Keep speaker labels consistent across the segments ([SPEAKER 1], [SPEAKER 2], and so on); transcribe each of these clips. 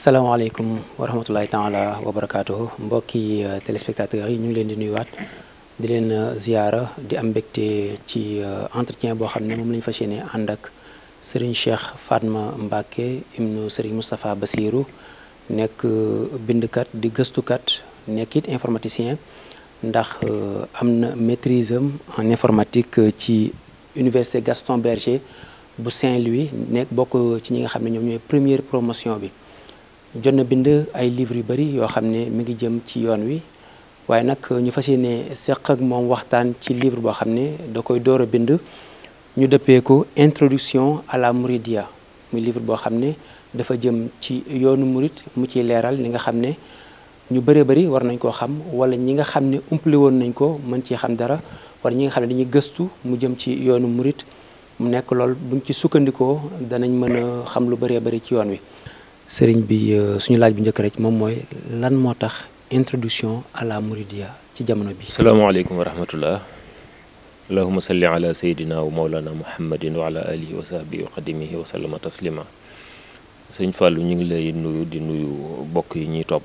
[SPEAKER 1] salaamaaleykum wa rahmatulahi taala wa barakaatuhu mbokki euh, téléspectateurs yi ñu ngi leen di nuyuwaat di leen euh, ziyaara di am mbégte ci euh, entretien boo xam ne moom la fa fas ànd ak Serigne Cheikh Fatma Mbacké ibnu Serigne Moustapha Bassirou nekk bindkat di gëstukat nekkit it informaticien ndax am na maîtrise am en informatique ci université Gaston Berger bu Saint-Louis nekk bokk ci ñi nga xam ne ñoom ñooy première promotion bi jot na bind ay livres yu bëri yoo xam ne mi ngi jëm ci yoon wi waaye nag ñu fas yéene seq ak moom waxtaan ci livre boo xam ne da koy door a bind ñu dëppee ko introduction à la Mouridia muy livre boo xam ne dafa jëm ci yoonu murit mu ciy leeral ni nga xam ne ñu bëree bëri war nañ koo xam wala ñi nga xam ne umpale woon nañ ko mën ci xam dara wala ñi nga xam ne dañuy gëstu mu jëm ci yoonu murit mu nekk lool buñ ci sukkandikoo danañ mën a xam lu bëree bëri ci yoon wi sëriñ bi euh, suñu laaj bi njëkk rek moom mooy lan moo tax introduction à la mouridia
[SPEAKER 2] ci jamono bi salaamaaleykum wa rahmatullah allahuma salli ala sayidina wa maulana muhammadin wa ala alihi wa sahbihi wa qadimihi wa sallama taslima sëñ Fallou ñu ngi lay nuyu di nuyu bokk yi ñuy topp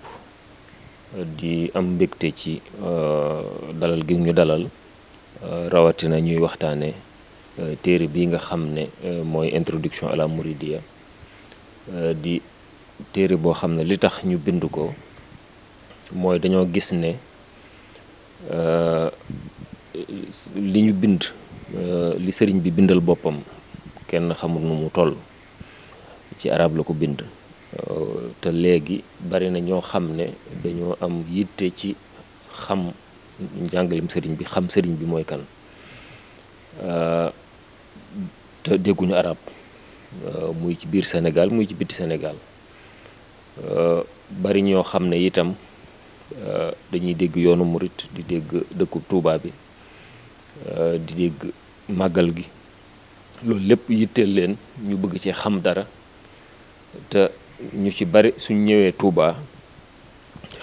[SPEAKER 2] di am mbégte ci euh, dalal gi ñu dalal euh, rawatina ñuy waxtaane téere bi nga xam ne mooy introduction à la mouridia di téere boo xam ne li tax ñu bind ko mooy dañoo gis ne euh, li ñu bind euh, li sëriñ bi bindal boppam kenn xamul nu mu toll ci arab la ko bind euh, te léegi bari na ñoo xam ne dañoo am yitte ci xam njàngalem sëriñ bi xam sëriñ bi mooy kan te dégguñu arab muy ci biir senegal muy ci bitti senegal Euh, bari ñoo xam ne itam euh, dañuy dégg yoonu murit di dégg dëkku Tuubaa bi euh, di dégg màggal gi loolu lépp yitteel leen ñu bëgg ci xam dara te ñu ci bari suñ ñëwee Tuubaa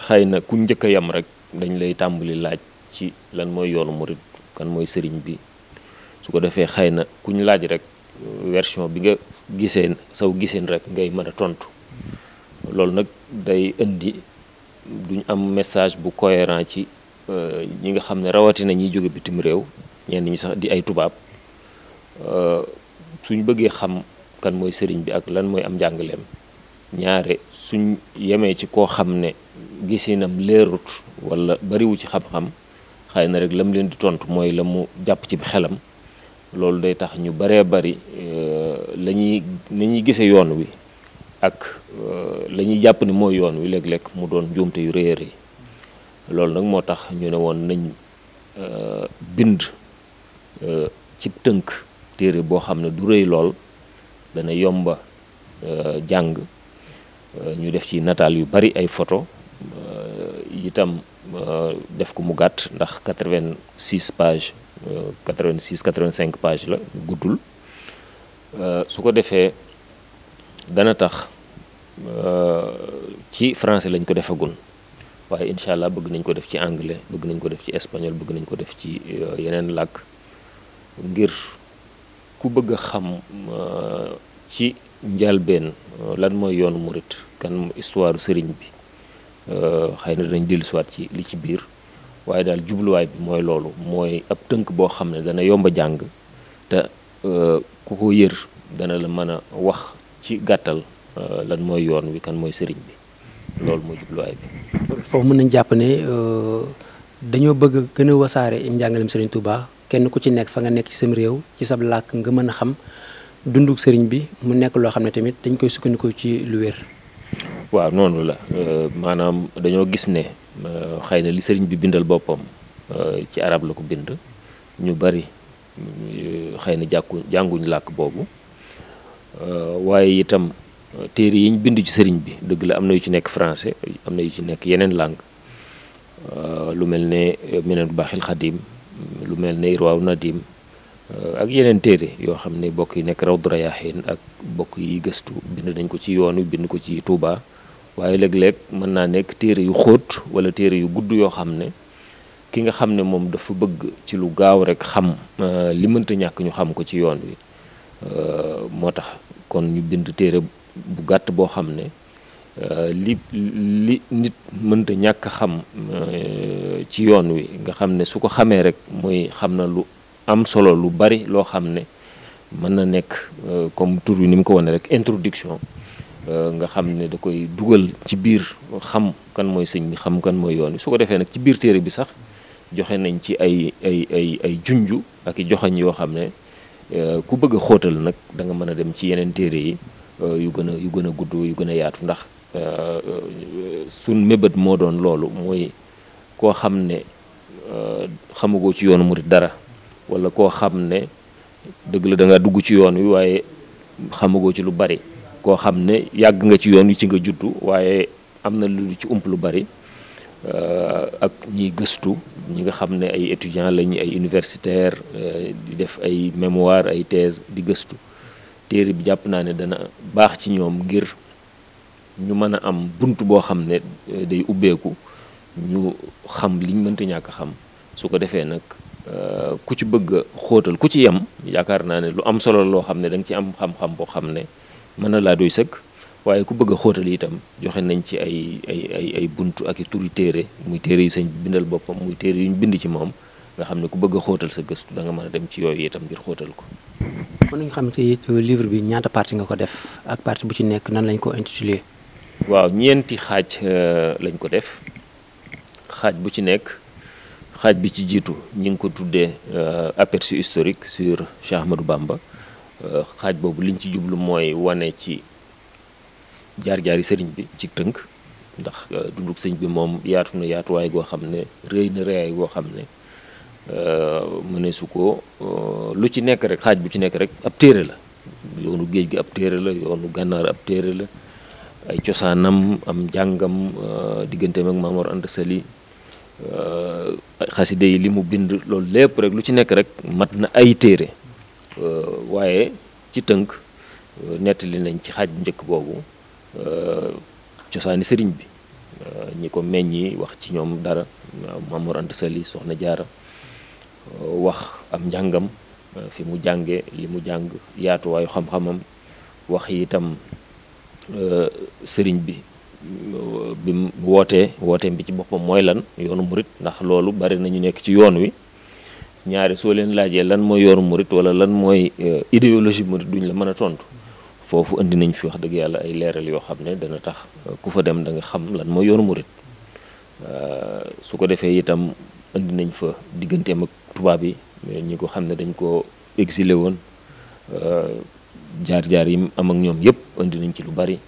[SPEAKER 2] xëy na ku njëkk a yam rek dañ lay tàmbali laaj ci lan mooy yoonu murit kan mooy sëriñ bi su ko defee xëy na kuñ laaj rek version bi nga giseen saw giseen rek ngay mën a tontu loolu nag day indi duñ am message bu cohérent ci euh, ñi nga xam ne rawatina ñiy jóge bitim réew ñenn ñi sax di ay tubaab euh, suñ bëggee xam kan mooy sëriñ bi ak lan mooy am njàngaleem ñaare suñ yemee ci koo xam ne gisinam leerut wala bariwu ci xam-xam xëy na rek lam leen di tontu mooy la mu jàpp ci xelam loolu day tax ñu baree bari euh, la ñuy la ñuy gisee yoon wi ak euh, la ñuy jàpp ni mooy yoon wi léeg-léeg mu doon njuumte yu réer yi loolu nag moo tax ñu ne woon nañ euh, bind euh, ci tënk téere boo xam ne du rëy lool dana yomba jàng ñu def ci nataal yu bari ay photo itam def ko mu gàtt ndax 86 page 86 85 page la guddul su ko defee dana tax euh, ci français lañ ko defagul waaye incha allah bëgg nañ ko def ci anglais bëgg nañ ko def ci espagnol bëgg nañ ko def ci euh, yeneen làkk ngir ku bëgg a xam euh, ci njalbeen lan mooy yoonu murit kan histoire sëriñ bi xëy na danañ dellusiwaat ci li ci biir waaye daal jubluwaay bi mooy loolu mooy ab tënk boo xam ne dana yomba jàng te ku ko yër dana la mën a wax ci gàttal euh, lan mooy yoon wi kan mooy sëriñ bi loolu mooy jubluwaay bi.
[SPEAKER 1] foofu mën nañ jàpp ne euh, dañoo bëgg gën a wasaare njàngaleem sëriñ Touba kenn ku ci nekk fa nga nekk ci sam réew ci sab làkk nga mën a xam dunduk sëriñ bi mu nekk loo xam ne tamit dañ koy sukkandiku ci lu wér.
[SPEAKER 2] waaw noonu la euh, maanaam dañoo gis ne xëy na li sëriñ bi bindal boppam ci arab la ko bind ñu bari xëy na jàkku jànguñu làkk boobu. Euh, waaye itam euh, téere yi ñu bind ci sëriñ bi dëgg la am na yu ci nekk francais am na yu ci nekk yeneen langue euh, lu mel ne meneen bu baaxil xadim lu mel ne irwaaw nadim ak yeneen téere yoo xam ne bokk yi nekk rawdu rayaaxiin ak bokk yi gëstu bind nañ ko ci yoon wi bind ko ci Touba waaye léeg-léeg mën naa nekk téere yu xóot wala téere yu gudd yoo xam ne ki nga xam ne moom dafa bëgg ci lu gaaw rek xam li mënta ñàkk ñu xam ko ci yoon wi Euh, moo tax kon ñu bind téere bu gàtt boo xam ne euh, li li nit mënta ñàkk xam euh, ci yoon wi nga xam ne su ko xamee rek mooy xam na lu am solo lu bari loo xam ne mën na nekk comme tour wi ni mu ko wane rek introduction nga xam ne da koy dugal ci biir xam kan mooy sëñ xam kan mooy yoon wi su ko defee nag ci biir téere bi sax joxe nañ ci ay ay ay ay junju ak i yoo xam ne Euh, ku bëgg a xóotal nag danga mën a dem ci yeneen téere yi euh, yu gën a yu gën a gudd yu gën a yaatu ndax euh, suñ mébét moo doon loolu mooy koo xam ne xamugoo ci yoonu murit dara wala koo xam ne dëgg la da dugg ci yoon wi waaye xamagoo ci lu bari koo xam ne yàgg nga ci yoon wi ci nga juddu waaye am na lu ci ump lu bari ak ñiy gëstu ñi nga xam ne ay étudiants lañu ay universitaire euh, di def ay mémoire ay thèse di gëstu téere bi jàpp naa ne dana baax ci ñoom ngir ñu mën a am bunt boo xam ne euh, day ubbeeku ñu xam liñ mënta ñàkk xam su ko defee nag euh, ku ci bëgg xootal ku ci yem yaakaar naa ne lu am solo loo xam ne da ci am xam-xam boo xam ne mën na laa doy sëkk waaye ku bëgg a xóotal itam joxe nañ ci ay ay ay ay buntu ak i turi téere muy téere yu sëñ bindal boppam muy téere yu ñu bind ci moom nga xam ne ku bëgg a xóotal sa gëstu danga mën a dem ci yooyu itam ngir xóotal ko.
[SPEAKER 1] mën nañu xam ci livre bi ñaanta partie nga ko def ak partie bu ci nekk nan lañ ko intitulé.
[SPEAKER 2] waaw ñeenti xaaj euh, lañ ko def xaaj bu ci nekk xaaj bi ci jiitu ñu ngi ko tuddee euh, aperçu historique sur Cheikh Ahmadou Bamba euh, xaaj boobu liñ ci jublu mooy wane ci. jaar-jaari sëriñ bi ci tënk ndax euh, dunduk sëñ bi moom yaatu na yaatuwaay goo xam ne rëy na rëyaay goo xam ne euh, mënee su ko euh, lu ci nekk rek xaaj bu ci nekk rek ab téere la géej gi ab téere la yoonu gànnaar ab téere la ay cosaanam am jàngam digganteem ak Maam Mor Anta Sali xaside yi li mu bind loolu lépp rek lu ci nekk rek mat na ay téere waaye ci tënk nettali nañ ci xaaj bu njëkk boobu Euh, cosaani sëriñ bi euh, ñi ko meññi wax ci ñoom dara Mamour Anta Sali Soxna Jaara euh, wax am njàngam fi mu jànge li mu jàng yaatuwaayu xam-xamam wax itam sëriñ bi bi mu wootee wooteem bi ci boppam mooy lan yoonu murit ndax loolu bari na ñu nekk ci yoon wi ñaari soo leen laajee lan mooy yoonu murit wala lan mooy idéologie murit duñ la mën a tontu foofu indi nañ fi wax dëgg yàlla ay leeral yoo xam ne dana tax euh, ku fa dem danga xam lan mooy yoonu murit euh, su ko defee itam indi nañ fa digganteem ak tubaab yi ñi ko xam ne dañ ko exilé woon euh, jaar-jaar yi am ak ñoom yëpp indi nañ ci lu bari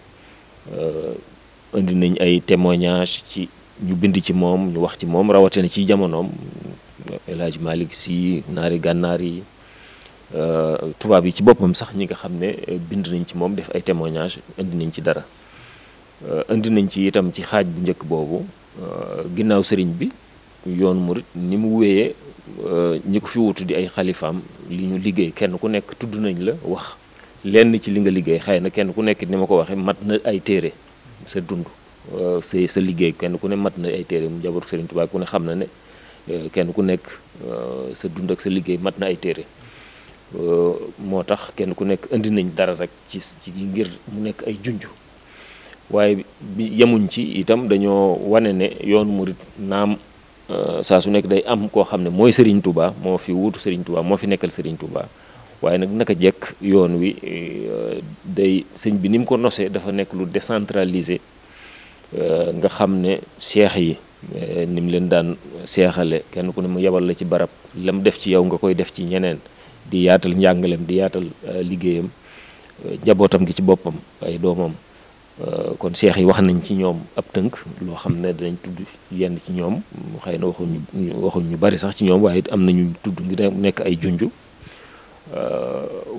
[SPEAKER 2] indi nañ ay témoignage ci ñu bind ci moom ñu wax ci moom rawatina ci jamonoom El Hadj Malick naari gànnaar yi Euh, tubaab yi ci boppam sax ñi nga xam ne euh, bind nañ ci moom def ay témoignages indi nañ ci dara euh, indi nañ ci itam ci xaaj bu njëkk boobu ginnaaw sëriñ bi yoonu murit ni mu wéyee ñi ko fi wutu di ay xalifaam li ñu liggéey kenn ku nekk tudd nañ la wax lenn ci li nga liggéey xëy na kenn ku nekk ni ma ko waxee mat na ay téere sa dund sa sa liggéey kenn ku ne mat na ay téere mu jabar sëriñ Tuubaa ku ne xam na ne kenn ku nekk sa dund ak sa liggéey mat na ay téere Euh, moo tax kenn ku nekk indi nañ dara rek ci ci ngir mu nekk ay junj waaye bi yemuñ ci itam dañoo wane ne yoonu murit naam euh, saa su nekk day am koo xam ne mooy Serigne Touba moo fi wuutu Serigne Touba moo fi nekkal Serigne Touba waaye nag naka jekk yoon wi euh, day sëñ bi ni mu ko nosee dafa nekk lu décentralisé nga xam ne seex yi ni mu leen daan seexale kenn ku ne mu yebal la ci barab lam def ci yow nga koy def ci ñeneen. di yaatal njàngaleem di yaatal euh, liggéeyam euh, njabootam ngi ci boppam ay doomam euh, kon seex yi wax nañ ci ñoom ab tënk loo xam ne dinañ tudd yenn ci ñoom xëy ñu bari sax ci ñoom waaye am nañu tudd ngi nekk ay junj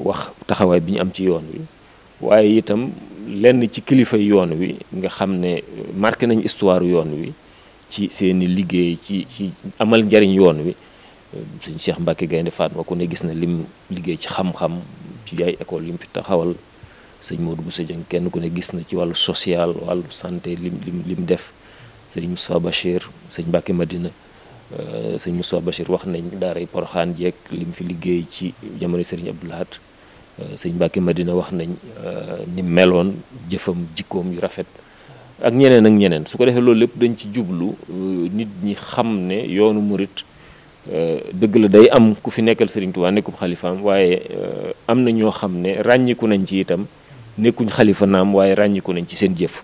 [SPEAKER 2] wax taxawaay bi ñu am ci yoon wi waaye itam lenn ci kilifa yoon wi nga xam ne marqué nañu histoire yoon wi ci seeni liggéey ci ci amal njariñ yoon wi sëñ Cheikh Mbacke Gaynde Fatma ku ne gis na lim liggéey ci xam-xam ci ay école lim fi taxawal sëñ Modou Bousso kenn ku ne gis na ci wàllu social wàllu santé lim lim lim def sëñ Moustapha Bachir sëñ Mbacke Madina euh, sëñ Moustapha Bachir wax nañ daaray Poroxaan jeeg lim fi liggéey ci jamono sëriñ Abdou Lahad euh, sëñ Mbacke Madina wax nañ euh, ni meloon jëfam jikkoom yu rafet ak ñeneen ak ñeneen su ko defee loolu lépp dañ ci jublu nit ñi xam ne yoonu murit Euh, dëgg la day am ku fi nekkal Serigne Touba nekkub xalifaam waaye euh, am na ñoo xam ne ràññiku nañ ci itam nekkuñ xalifa naam waaye ràññiku nañ ci seen jëf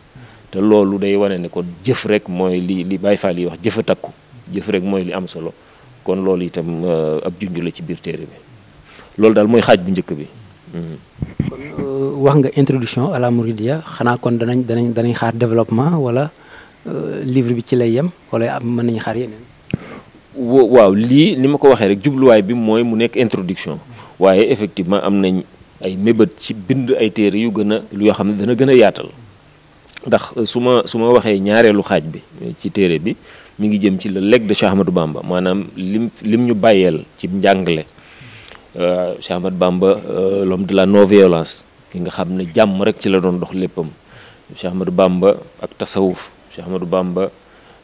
[SPEAKER 2] te loolu day wane ne kon jëf rek mooy li li Baye Fall yi wax jëfa takku jëf rek mooy li am solo kon loolu itam euh, ab junj la ci biir téere bi loolu daal mooy xaaj bu njëkk bi. Mhm.
[SPEAKER 1] kon wax nga introduction à la Mouridia xanaa kon danañ danañ danañ xaar développement wala livre bi ci lay yem wala mën nañ xaar yeneen.
[SPEAKER 2] waaw lii li ma ko waxee rek jubluwaay bi mooy mu nekk introduction waaye effectivement am nañ ay mébét ci bind ay téere yu gën a yoo xam ne dana gën a yaatal ndax euh, su ma su ma waxee ñaareelu xaaj bi euh, ci téere bi mu ngi jëm ci la legs de Cheikh Ahmadou Bamba maanaam lim lim ñu bàyyeel ci njàngale euh, Cheikh Ahmadou Bamba l'homme de la non ki nga xam ne jàmm rek ci la doon dox léppam Cheikh Ahmadou Bamba ak tasawuf Cheikh Ahmadou Bamba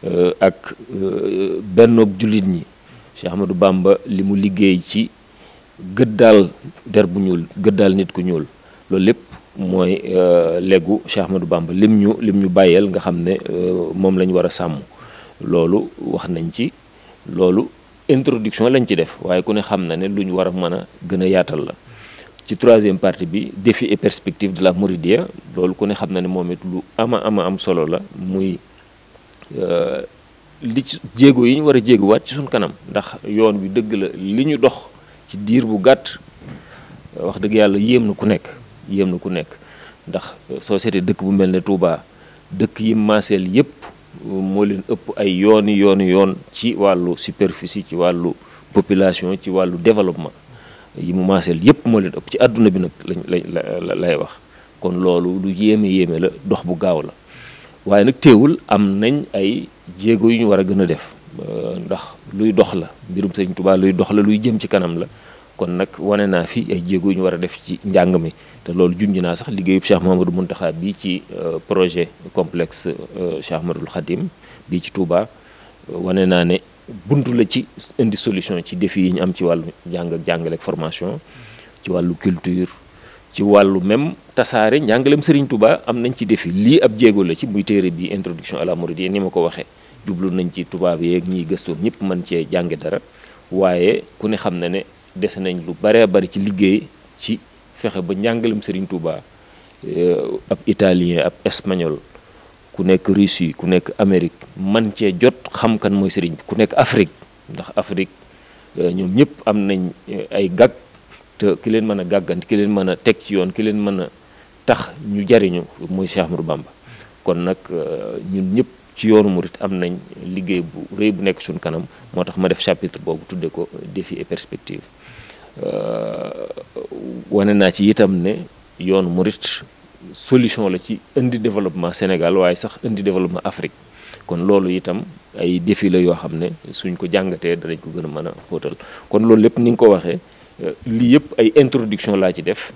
[SPEAKER 2] Euh, ak euh, bennoog jullit ñi Cheikh Ahmadou Bamba li mu liggéey ci gëddaal der bu ñuul gëddaal nit ku ñuul loolu lépp mooy euh, legu Cheikh Ahmadou Bamba lim ñu lim ñu bàyyeel nga xam ne moom la ñu war a sàmm loolu wax nañ ci loolu introduction lañ ci def waaye ku ne xam na ne lu ñu war a mën a gën a yaatal la ci troisième partie bi défi et perspective de la Mouridiyya loolu ku ne xam na ne moom it lu ama ama am solo la muy Euh, li ci jéego yi ñu war a jéeguwaat ci suñ kanam ndax yoon bi dëgg la li ñu dox ci diir bu gàtt euh, wax dëgg yàlla yéem na ku nekk yéem na ku nekk ndax euh, soo seetee dëkk bu mel ne Touba dëkk yi maaseel yépp moo leen ëpp ay yooni yooni yoon ci wàllu superficie ci wàllu population ci wàllu développement yi mu maaseel yépp moo leen ëpp ci àdduna bi nag lañ lay lay wax kon loolu lu yéeme yéeme la dox bu gaaw la waaye nag téewul am nañ ay jéego yu ñu war a gën a def ndax luy dox la mbirum sëriñ Tuubaa luy dox la luy jëm ci kanam la kon nag wane naa fi ay jéego yu ñu war a def ci njàng mi te loolu junj naa sax liggéeyub Cheikh Mahamadou Muntaxa bi ci euh, projet complexe euh, Cheikh Ahmadoul Khadim bi ci Touba wane naa ne buntu la ci indi solution ci défi yi ñu am ci wàllu jàng ak jàngale formation ci wàllu culture ci wàllu même tasaare njàngaleem Serigne Touba am nañ ci defi lii ab jéego la ci muy téere bi introduction à la mouridiyya ni ma ko waxee jublu nañ ci tubaab yeeg ñiy gëstoon ñëpp mën cee jànge dara waaye ku ne xam na ne dese nañ lu baree bari ci liggéey ci fexe ba njàngaleem sëriñ Touba euh, ab italien ab espagnol ku nekk Russie ku nekk Amérique man cee jot xam kan mooy sëriñ bi ku nekk Afrique ndax Afrique euh, ñoom ñëpp am nañ euh, ay gag te ki leen mën a gàggant ki leen mën a teg ci yoon ki leen mën a tax ñu jariñu mooy Cheikh Ahmadou Bamba kon nag euh, ñun ñëpp ci yoonu murit am nañ liggéey bu rëy bu nekk suñ kanam moo tax ma def chapitre boobu tuddee ko défi et perspective euh, wane naa ci itam ne yoonu murit solution la ci indi développement Sénégal waaye sax indi développement Afrique kon loolu itam ay défi la yoo xam ne suñ ko jàngatee danañ ko gën a mën a xóotal kon loolu lépp ni nga ko waxee Euh, lii yëpp ay introduction laa ci def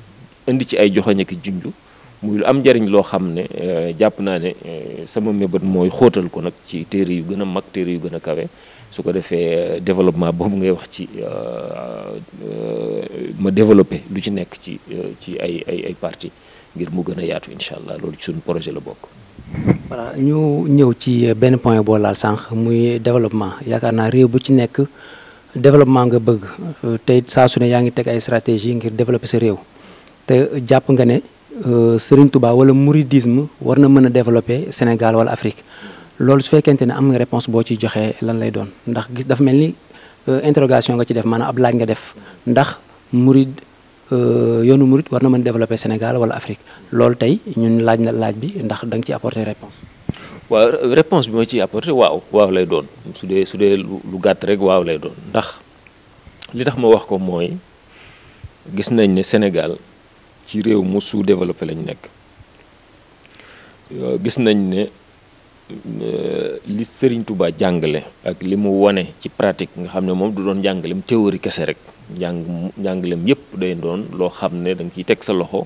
[SPEAKER 2] indi ci ay joxoñ ak junj muy lu am njariñ loo xam ne euh, jàpp naa ne euh, sama mébét mooy xootal ko nag ci téere yu gën a mag téere yu gën a kawe su ko defee développement boobu ngay wax ci ma développe lu ci nekk ci ci ay ay ay parti ngir mu gën a yaatu incha allah loolu ci suñu projet la bokk.
[SPEAKER 1] ñu ñëw ci benn point boo laal sànq muy développement yaakaar naa réew bu ci nekk. développement nga bëgg euh, tey it saa su ne yaa ngi teg ay stratégie ngir développer sa réew te jàpp nga ne euh, Serigne Touba wala mouridisme war na mën a développer Sénégal wala Afrique loolu su fekkente ne am nga réponse boo ci joxee lan lay doon ndax gis dafa mel ni euh, interrogation nga ci def maanaam ab laaj nga def ndax murid yoonu murid war na mën développer Sénégal wala Afrique loolu tey ñun laaj na laaj bi ndax da nga ci apporter réponse
[SPEAKER 2] waaw réponse bi ma ci apporté waaw waaw lay doon su dee su dee lu gàtt rek waaw lay doon ndax li tax ma wax ko mooy gis nañ ne Sénégal ci réew mu sous-développé lañ nekk gis nañ ne euh, li sëriñ tubaa jàngale ak li mu wane ci pratique nga xam ne moom du doon njàngaleem théorie kese rek njàng njàngaleem yépp day doon loo xam ne da nga ciy teg sa loxo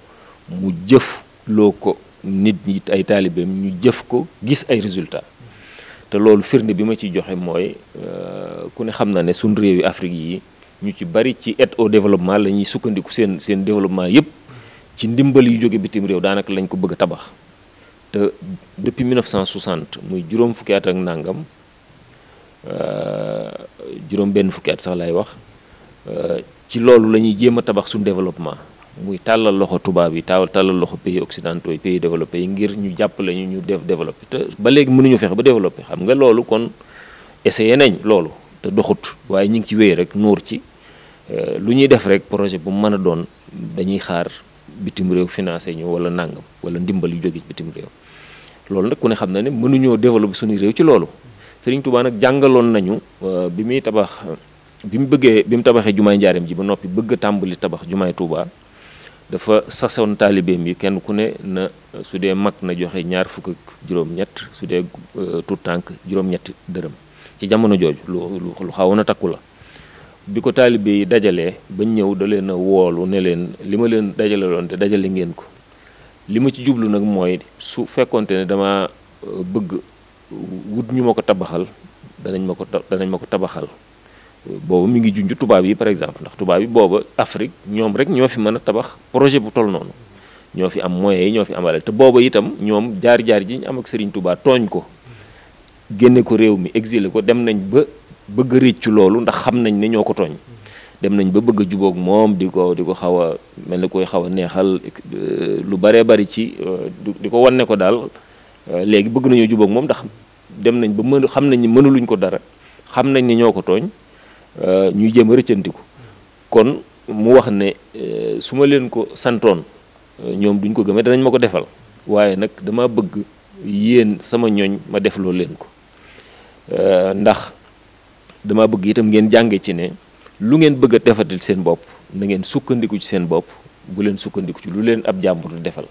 [SPEAKER 2] mu jëf loo ko nit ñi ay taalibeem ñu jëf ko gis ay résultat te loolu firnde bi ma ciy joxe mooy euh, ku ne xam na ne suñ réew yi Afrique yi ñu ci bari ci aide au développement la ñuy sukkandiku seen seen développement yépp ci ndimbal yu jóge bitim réew daanaka lañ ko bëgg a tabax te depuis 1960 muy juróom fukki at ak nàngam euh, juróom benn fukki at sax lay wax euh, ci loolu la ñuy jéem a tabax suñ développement muy tàllal loxo tubaab yi taawal tàllal loxo pays occidentaux yi pays développés yi ngir ñu jàppale ñu ñu def développé te ba léegi mënuñu fexe ba développé xam nga loolu kon essayé nañ loolu te doxut waaye ñu ngi ci wéy rek nuur ci euh, lu ñuy def rek projet bu mën a doon dañuy xaar bitim réew financé ñu wala nàngam wala ndimbal yu jóge bitim réew loolu nag ku ne xam na ne mënuñoo développé suñu réew ci loolu Sëriñ Tuubaa nag jàngaloon nañu euh, bi muy tabax bi mu bëggee bi mu tabaxee jumaay njaareem ji ba noppi bëgg a tàmbali tabax jumaay Tuubaa dafa sasoon taalibeem yi kenn ku ne na su dee mag na joxe ñaar fukk ak juróom-ñett su dee euh, tout tànk juróom-ñetti dërëm ci jamono jooju lu lu xawoon a takku la bi ko taalibe yi dajalee bañ ñëw da leen a woolu ne leen li ma leen dajale loon te dajale ngeen ko li ma ci jublu nag mooy su fekkoonte ne dama euh, bëgg wut ñu ma ko tabaxal danañ ma ko danañ ma ko tabaxal boobu mi ngi junj tubaab yi par exemple ndax tubaab yi booba Afrique ñoom rek ñoo fi mën a tabax projet bu toll noonu ñoo fi am moyens yi ñoo fi am te booba itam ñoom jaar-jaar ji ñu am ak Serigne Touba tooñ ko génne ko réew mi exile ko dem nañ ba bëgg a réccu loolu ndax xam nañ ne ñoo ko tooñ dem nañ ba bëgg a jubóog moom di ko di ko xaw a mel ni koy xaw a neexal euh, lu baree bari ci euh, di ko wan ko daal euh, léegi bëgg nañoo jubóog moom ndax dem nañ ba mën xam nañ ni mënuluñ ko dara xam nañ ni ñoo ko tooñ Euh, ñuy jéem a rëccantiku kon mu wax ne euh, su ma leen ko santoon euh, ñoom duñ ko gëmee danañ ma ko defal waaye nag dama bëgg yéen sama ñooñ ma defloo leen ko ndax dama bëgg itam ngeen jànge ci ne lu ngeen bëgg a defatil seen bopp na ngeen sukkandiku ci seen bopp bu leen sukkandiku ci lu leen ab jàmbur di defal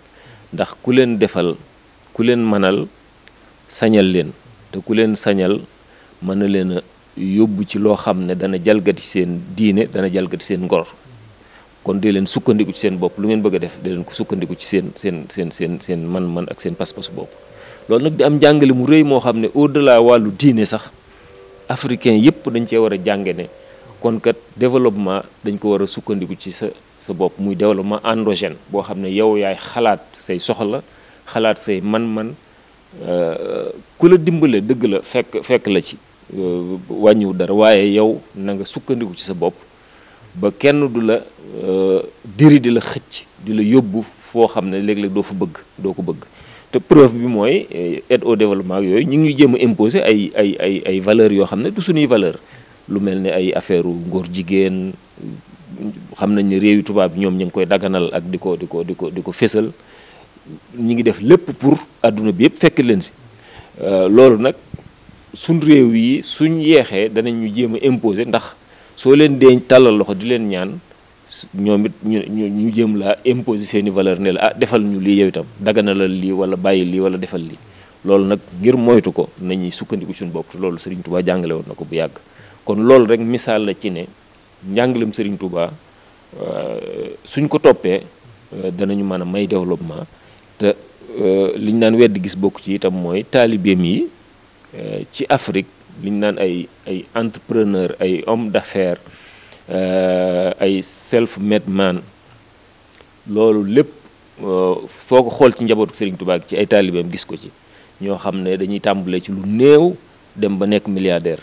[SPEAKER 2] ndax ku leen defal ku leen mënal sañal leen te ku leen sañal mën na leen yóbbu ci loo xam ne dana jalgati seen diine dana jalgati seen ngor kon dee leen sukkandiku ci seen bopp lu ngeen bëgg a def dee leen ko sukkandiku ci seen seen seen seen seen man-man ak seen pas-pasu bopp loolu nag di am jàngale mu rëy moo xam ne au delà wàllu diine sax africain yépp dañ cee war a jàngane kon kat développement dañ ko war a sukkandiku ci sa sa bopp muy développement endogène boo xam ne yow yaay xalaat say soxla xalaat say man-man euh, ku dimbale dëgg la fekk la ci Euh, wàññiwu dara waaye yow na nga sukkandiku ci sa bopp ba kenn du la euh, diri di la xëcc di la yóbbu foo xam ne léegi léeg doo fa bëgg doo ko bëgg te preuve bi mooy euh, aide au yooyu ñu ngi jéem a imposer ay ay ay ay valeurs yoo xam ne du suñuy valeur lu mel ni ay affaire ngóor jigéen xam nañ ne réew yu tubaab ñoom ñu ngi koy daganal ak di ko di ko di ko di ko fésal ñu ngi def lépp pour àdduna bi yëpp fekk leen si loolu nag suñ réew yi suñ yeexee danañ ñu jéem a imposer ndax soo leen deeñ tàllal loxo di leen ñaan ñoom it ñu ñu jéem laa imposer seeni valeur ne la ah defal ñu lii yow itam daganalal lii wala bàyyi lii wala defal lii loolu nag ngir moytu ko nañuy sukkandiku suñ bopp te loolu Serigne Touba jàngale woon na ko bu yàgg kon loolu rek misaal la ci ne njàngalem Serigne Touba euh, suñ ko toppee euh, danañu mën a may développement te euh, liñ naan wedd gis bokk ci itam mooy taalibeem yi Euh, ci Afrique li naan ay ay entrepreneur ay homme d'affaires euh, ay self-made loolu lépp euh, foo ko xool ci njabootu Serigne tubaak ci ay taalibeem gis ko ci ñoo xam ne dañuy tàmbalee ci lu néew dem ba nekk milliardaire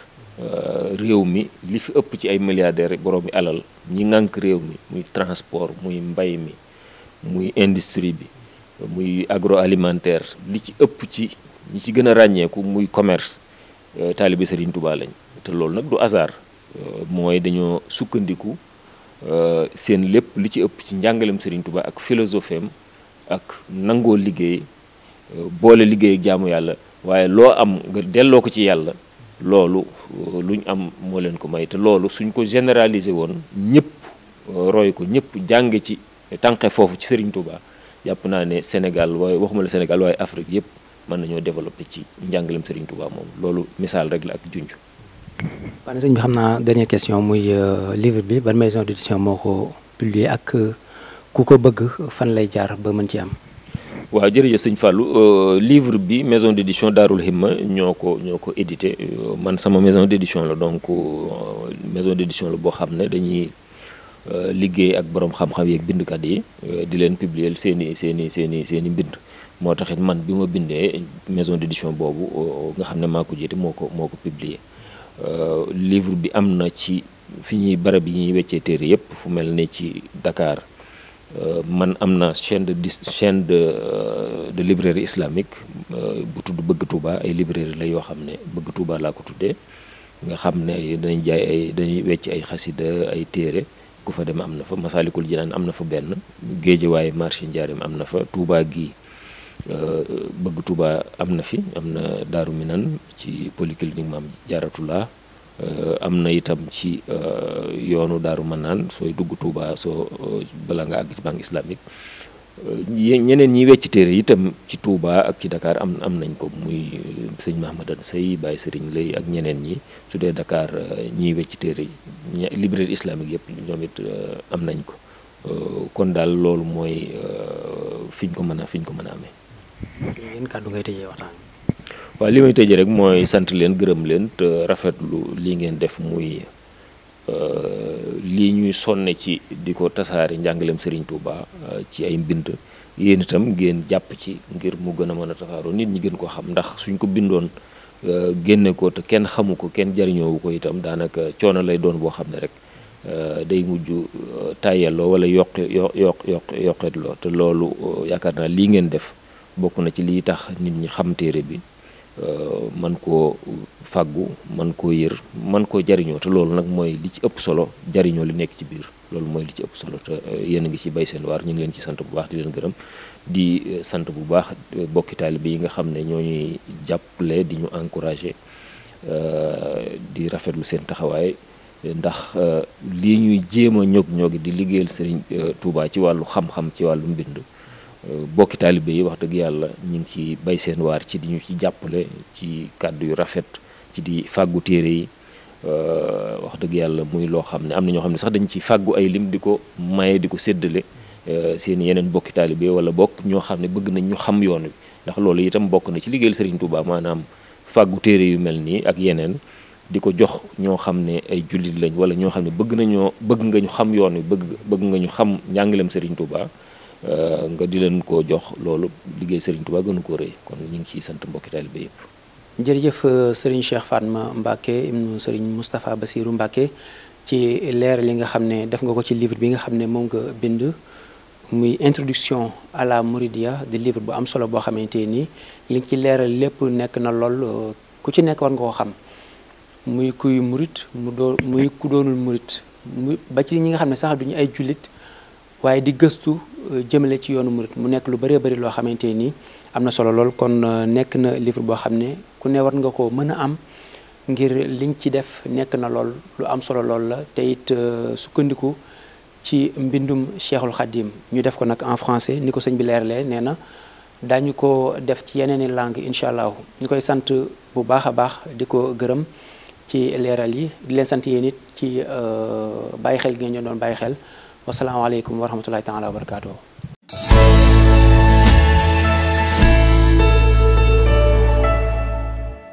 [SPEAKER 2] réew mi li fi ëpp ci ay milliardaires borom bi alal ñi ŋànk réew mi muy transport muy mbay mi muy industrie bi muy agro alimentaire li ci ëpp ci ñi ci gën a ràññeeku muy commerce euh, taalibe Serigne Touba lañ te loolu nag du hasard euh, mooy dañoo sukkandiku euh, seen lépp li ci ëpp ci njàngalem Serigne Touba ak philosophie am ak nangoo liggéey boole liggéey ak jaamu yàlla waaye loo am nga delloo ko ci yàlla loolu luñ am moo leen ko may te loolu suñ ko généraliser woon ñëpp roy ko ñëpp jànge ci tànqe foofu ci Serigne Touba jàpp naa ne Sénégal waaye waxuma la Sénégal waaye Afrique yëpp. mën nañoo développé ci njàngaleem Serigne Touba moom loolu misaal rek la ak junj.
[SPEAKER 1] waaw sëñ bi xam naa dernière question muy euh, livre bi ban maison d'édition moo ko publier ak euh, ku ko bëgg fan lay jaar ba mën ci am.
[SPEAKER 2] waaw jërëjëf sëñ Fallou euh, livre bi maison d'édition Daarul Himma ñoo ko ñoo ko édité man sama maison d'édition la donc maison d'édition la boo xam ne dañuy liggéey ak borom xam-xam yeeg bindkat yi di leen publier seen i seen i seen i seen i mbind. moo taxit man bi ma bindee maison d'édition boobu euh, nga xam ne maa ko jiite moo ko moo ko publier euh, livre bi am na ci fi ñuy barab yi ñuy weccee téere yëpp fu mel ni ci Dakar euh, man am na chaine de dis chaine de de librairie islamique bu tudd Bëgg Touba ay librairie la yoo xam ne Bëgg Touba laa ko tuddee nga xam ne dañuy jaay ay dañuy wecc ay xasida ay téere ku fa dem am na fa Masalikul Jinaan am na fa benn waaye marché Njaareem am na fa Touba gi Euh, bëgg Touba am na fi am na Daaru Minan ci polyclinique Maam Jaaratulaa euh, am na itam ci euh, yoonu Daaru Manaan sooy dugg Touba soo bala nga àgg ci banque islamique ñeneen ñi wecc téere itam ci tuubaa ak ci Dakar am am nañ ko muy sëñ Mahamadan Sey Baye sëriñ Lay ak ñeneen ñi su dee Dakar ñiy wecc téere yi librairie islamique yëpp ñoom it am nañ ko kon daal loolu mooy fiñ ko mën a fiñ ko mën a amee
[SPEAKER 1] yéen kàddu ngay tëjee waxtaan
[SPEAKER 2] waaw li may tëjee rek mooy sant leen gërëm leen te rafetlu lii ngeen def muy euh, lii ñuy sonne ci di ko tasaare njàngaleem sëriñ Touba euh, ci ay mbind yéen itam ngeen jàpp ci ngir mu gën a mën a tasaaroo nit ñi gën ko xam ndax suñ ko bindoon euh, génne ko te kenn xamu ko kenn jariñoowu ko itam daanaka coono lay doon boo xam ne rek day mujj tàyyelloo wala yokk yokk yokk yokk yokkeetloo te loolu yaakaar naa lii ngeen def. bokk na ci li tax nit ñi xam téere bi euh, man koo fàggu man koo yër man koo jariñoo te loolu nag mooy li ci ëpp solo jariñoo li nekk ci biir loolu mooy li ci ëpp solo te euh, yéen a ngi ci bay seen waar ñu ngi leen ci sant bu baax di leen gërëm di euh, sant bu baax bokki taalibe yi nga xam ne ñoo ñuy jàppale di ñu encouragé di rafetlu seen taxawaay ndax lii ñuy jéem a ñoog ñoogi di liggéeyal Sëriñ Tuubaa ci wàllu xam-xam ci wàllu mbind bokki taalibe yi wax dëgg yàlla ñu ngi ci bay seen waar ci di ñu ci jàppale ci kàddu yu rafet ci di fàggu téere yi euh, wax dëgg yàlla muy loo xam ne am na ñoo xam ne sax dañ ci fàggu ay lim di ko maye di ko séddale euh, seen yeneen bokki taalibe wala bokk ñoo xam ne bëgg nañ ñu xam yoon wi ndax loolu itam bokk na ci liggéeyal Serigne Touba maanaam fàggu téere yu mel nii ak yeneen di ko jox ñoo xam ne ay jullit lañ wala ñoo xam ne bëgg nañoo bëgg nga ñu xam yoon wi bëgg bëgg nga ñu xam njàngaleem Serigne Touba Euh, nga di leen ko jox loolu liggéey Serigne Touba gënu ko rëy kon ñu ngi ci sant mbokki taalibe yëpp. jërëjëf euh, Serigne
[SPEAKER 1] Cheikh Fatma Mbacke ibnu Serigne Moustapha Bassirou Mbacke ci leer li nga xam ne def nga ko ci livre bi nga xam ne moom nga bind. muy introduction à la Mouridia di livre bu am solo boo xamante ni li nga ci leeral lépp nekk na lool euh, ku ci nekk war nga ko xam muy kuy murit mu doon muy ku doonul murit mu ba ci ñi nga xam ne sax duñu ay jullit waaye di gëstu euh, jëmale ci yoonu murit mu nekk lu bëree bëri loo xamante nii am na solo lool kon euh, nekk na livre boo xam ne ku ne war nga ko mën a am ngir liñ ci def nekk na lool lu am solo lool la te it euh, sukkandiku ci mbindum Cheikhul Khadim ñu def ko nag en français ni ko sëñ bi leerlee nee na daañu ko def ci yeneen i langue incha allah ñu koy sant bu baax a baax di ko gërëm ci leeral yi di leen sant yéen it ci bàyyi xel gi ngeen doon bàyyi xel wasalaamaaleykum wa rahmatulahi taala wa
[SPEAKER 2] barakaatu.